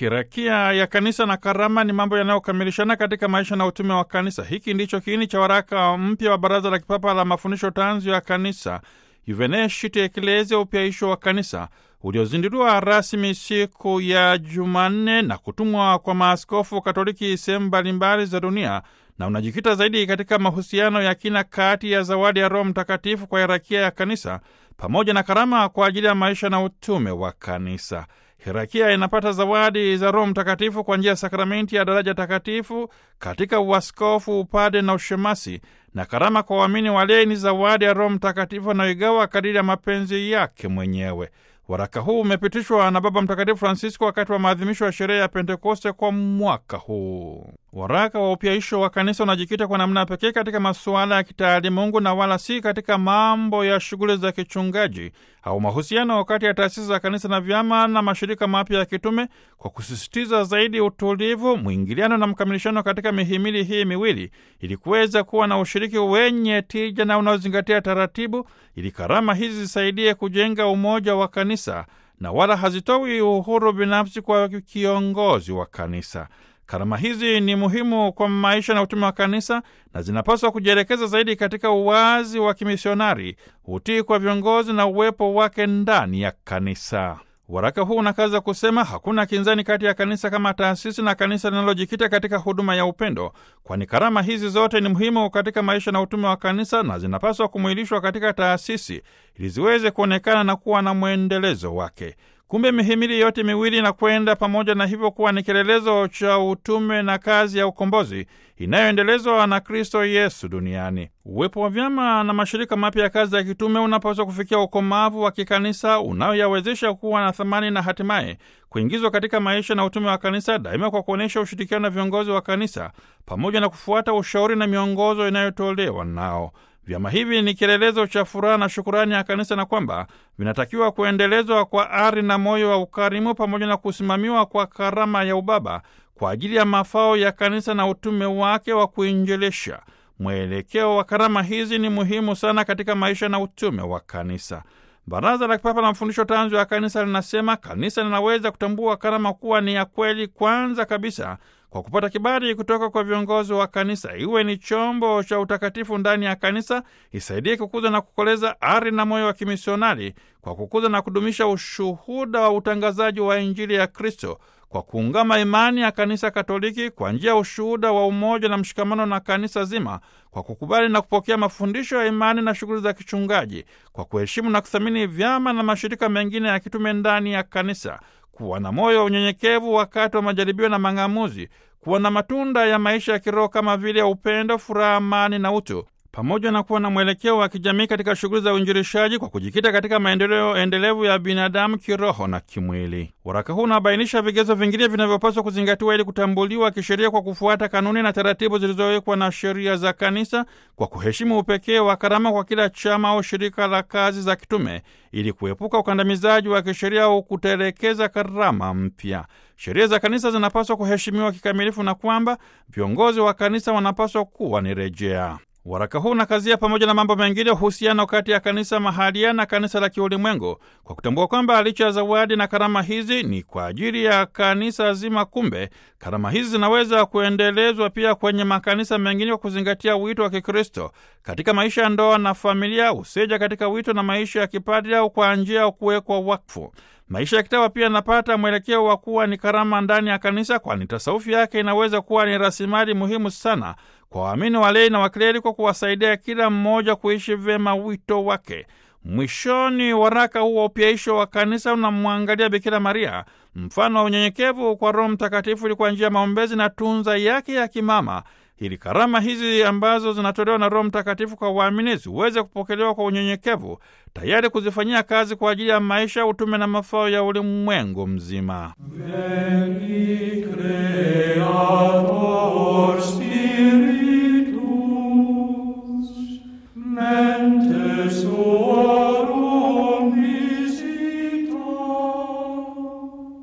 hirakia ya kanisa na karama ni mambo yanayokamilishana katika maisha na utume wa kanisa. Hiki ndicho kiini cha waraka mpya wa Baraza la Kipapa la Mafundisho Tanzu ya Kanisa, Juvenescite Ecclesiae, upyaisho wa kanisa uliozinduliwa rasmi siku ya Jumanne na kutumwa kwa maaskofu Katoliki sehemu mbalimbali za dunia na unajikita zaidi katika mahusiano ya kina kati ya zawadi ya Roho Mtakatifu kwa herakia ya kanisa pamoja na karama kwa ajili ya maisha na utume wa kanisa. Herakia inapata zawadi za Roho Mtakatifu kwa njia ya sakramenti ya daraja takatifu katika uaskofu, upade na ushemasi, na karama kwa waamini walei ni zawadi ya Roho Mtakatifu anayoigawa kadiri ya mapenzi yake mwenyewe. Waraka huu umepitishwa na Baba Mtakatifu Francisco wakati wa maadhimisho ya sherehe ya Pentekoste kwa mwaka huu. Waraka wa upyaisho wa kanisa unajikita kwa namna pekee katika masuala ya kitaalimungu na wala si katika mambo ya shughuli za kichungaji au mahusiano kati ya taasisi za kanisa na vyama na mashirika mapya ya kitume, kwa kusisitiza zaidi utulivu, mwingiliano na mkamilishano katika mihimili hii miwili, ili kuweza kuwa na ushiriki wenye tija na unaozingatia taratibu, ili karama hizi zisaidie kujenga umoja wa kanisa na wala hazitowi uhuru binafsi kwa kiongozi wa kanisa. Karama hizi ni muhimu kwa maisha na utume wa kanisa na zinapaswa kujielekeza zaidi katika uwazi wa kimisionari, utii kwa viongozi na uwepo wake ndani ya kanisa. Waraka huu unakaza kusema hakuna kinzani kati ya kanisa kama taasisi na kanisa linalojikita katika huduma ya upendo, kwani karama hizi zote ni muhimu katika maisha na utume wa kanisa na zinapaswa kumwilishwa katika taasisi ili ziweze kuonekana na kuwa na mwendelezo wake. Kumbe mihimili yote miwili inakwenda pamoja na hivyo kuwa ni kielelezo cha utume na kazi ya ukombozi inayoendelezwa na Kristo Yesu duniani. Uwepo wa vyama na mashirika mapya ya kazi ya kitume unapaswa kufikia ukomavu wa kikanisa unaoyawezesha kuwa na thamani na hatimaye kuingizwa katika maisha na utume wa kanisa daima, kwa kuonyesha ushirikiano na viongozi wa kanisa pamoja na kufuata ushauri na miongozo inayotolewa nao. Vyama hivi ni kielelezo cha furaha na shukurani ya kanisa na kwamba vinatakiwa kuendelezwa kwa ari na moyo wa ukarimu pamoja na kusimamiwa kwa karama ya ubaba kwa ajili ya mafao ya kanisa na utume wake wa kuinjilisha. Mwelekeo wa karama hizi ni muhimu sana katika maisha na utume wa kanisa. Baraza la Kipapa la Mafundisho Tanzu ya Kanisa linasema kanisa linaweza kutambua karama kuwa ni ya kweli, kwanza kabisa kwa kupata kibali kutoka kwa viongozi wa kanisa, iwe ni chombo cha utakatifu ndani ya kanisa, isaidie kukuza na kukoleza ari na moyo wa kimisionari kwa kukuza na kudumisha ushuhuda wa utangazaji wa Injili ya Kristo kwa kuungama imani ya kanisa Katoliki kwa njia ya ushuhuda wa umoja na mshikamano na kanisa zima, kwa kukubali na kupokea mafundisho ya imani na shughuli za kichungaji, kwa kuheshimu na kuthamini vyama na mashirika mengine ya kitume ndani ya kanisa, kuwa na moyo wa unyenyekevu wakati wa majaribio na mang'amuzi, kuwa na matunda ya maisha ya kiroho kama vile upendo, furaha, amani na utu pamoja na kuwa na mwelekeo wa kijamii katika shughuli za uinjirishaji kwa kujikita katika maendeleo endelevu ya binadamu kiroho na kimwili. Waraka huu unabainisha vigezo vingine vinavyopaswa kuzingatiwa ili kutambuliwa kisheria kwa kufuata kanuni na taratibu zilizowekwa na sheria za Kanisa, kwa kuheshimu upekee wa karama kwa kila chama au shirika la kazi za kitume, ili kuepuka ukandamizaji wa kisheria au kutelekeza karama mpya. Sheria za Kanisa zinapaswa kuheshimiwa kikamilifu na kwamba viongozi wa Kanisa wanapaswa kuwa ni rejea Waraka huu unakazia pamoja na mambo mengine uhusiano kati ya kanisa mahalia na kanisa la kiulimwengu, kwa kutambua kwamba licha ya zawadi na karama hizi ni kwa ajili ya kanisa zima, kumbe karama hizi zinaweza kuendelezwa pia kwenye makanisa mengine kwa kuzingatia wito wa Kikristo katika maisha ya ndoa na familia, useja katika wito na maisha ya kipadri au kwa njia ya kuwekwa wakfu. Maisha ya kitawa pia yanapata mwelekeo wa kuwa ni karama ndani ya kanisa, kwani tasaufi yake inaweza kuwa ni rasilimali muhimu sana kwa waamini walei na wakleri kwa kuwasaidia kila mmoja kuishi vyema wito wake. Mwishoni, waraka huu wa upyaisho wa kanisa unamwangalia Bikira Maria, mfano wa unyenyekevu kwa Roho Mtakatifu, ili kwa njia ya maombezi na tunza yake ya kimama, ili karama hizi ambazo zinatolewa na Roho Mtakatifu kwa waamini ziweze kupokelewa kwa unyenyekevu, tayari kuzifanyia kazi kwa ajili ya maisha, utume na mafao ya ulimwengu mzima Amen.